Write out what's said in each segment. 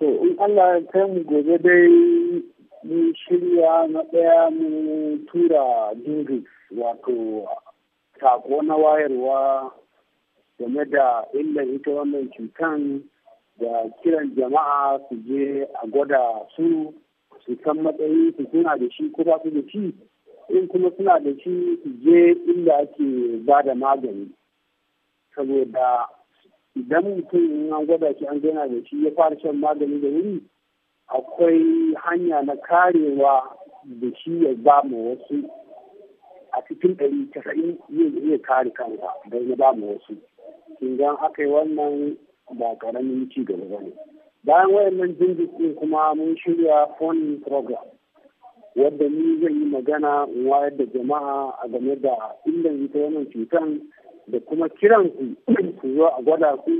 To in Allah ya kai mu gobe dai mun shirya na daya mun tura dingi wato sako na wayarwa game da illa ita wannan cutan da kiran jama'a su je a gwada su su san matsayi su suna da shi ko su da shi in kuma suna da shi su je inda ake ba da magani saboda idan mutum an gwada shi an gina da shi ya fara shan magani da wuri akwai hanya na karewa da shi ya ba mu wasu a cikin ɗari casa'in zai iya kare kanka, don ya ba mu wasu idan aka yi wannan ba karamin ci gaba ba ne bayan wayannan jinjit ɗin kuma mun shirya phone program wadda ni zai yi magana wayar da jama'a a game da illan ita wannan cutar da kuma kiran ku zo a gwada ku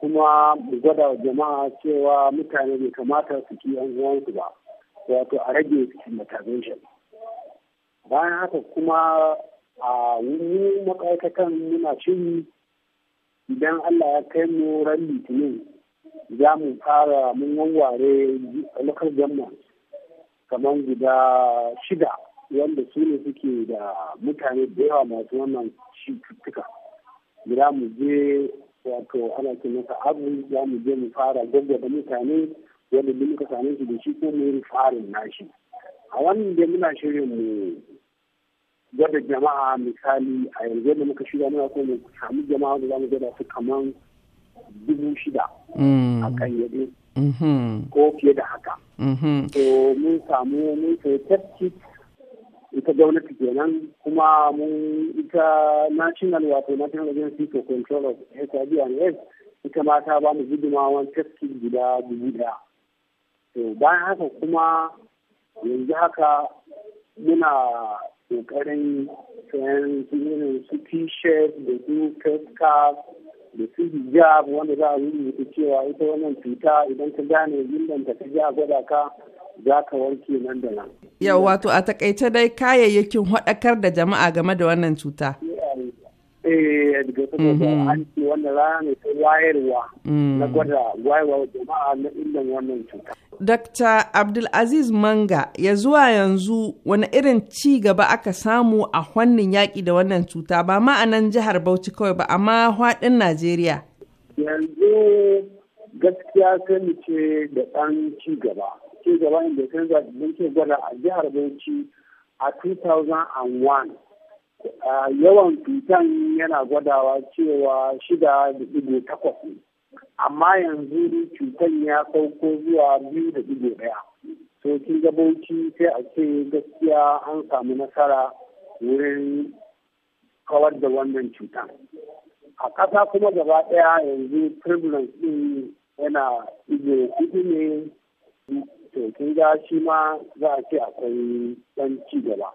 kuma mu gwada jama'a cewa mutane bai kamata su ki yan uwansu ba wato a rage stigmatization bayan haka kuma a wani makaikatan muna shiri idan allah ya kai mu ran litinin za mu fara mun a lokacin jama'a kamar guda shida wanda su ne suke da mutane da yawa masu wannan cututtuka gida mu je wato ana ce masa abu za mu je mu fara gaggada mutane wanda duk muka same su da shi ko mu yi farin nashi a wannan da muna shirin mu gwada jama'a misali a yanzu da muka shiga muna ko mu samu jama'a da za mu gwada su kaman dubu shida mm. a kan yadda mm-hmm. ko fiye da haka. Mm-hmm. mun samu mun sayi test ita gwamnati kenan kuma mu ita national wato national agency for control of hiv and aids ita ma ta ba mu wani testing guda dubu daya to bayan haka kuma yanzu haka muna kokarin sayan su irin su t-shirt da su face da su hijab wanda za a rubuta cewa ita wannan cuta idan ka gane gindanta ta ji a gwada ka za ka wanke nan da nan. Yau wato a takaice dai kayayyakin haɗakar da jama'a game da wannan cuta. Eh, daga saboda mhm. wannan rana ta wayarwa mm. na gwada wayarwa jama'a na wannan cuta. Dr. Abdulaziz Manga ya zuwa yanzu wani irin ci gaba aka samu a hannun yaƙi da wannan cuta ba ma'anar jihar Bauchi kawai ba amma haɗin Najeriya. Yanzu gaskiya sai ce da ɗan ci gaba. cikin gabanin da kan zaɓen ke gwada a jihar Bauchi a 2001. Yawan cutan yana gwadawa cewa shida da ɗigo takwas ne. Amma yanzu cutan ya sauko zuwa biyu da ɗigo ɗaya. So kin ga Bauchi sai a ce gaskiya an samu nasara wurin kawar da wannan cutan. A ƙasa kuma gaba ɗaya yanzu prevalence ɗin yana ido hudu ne 就增加起码二千公公尺了吧。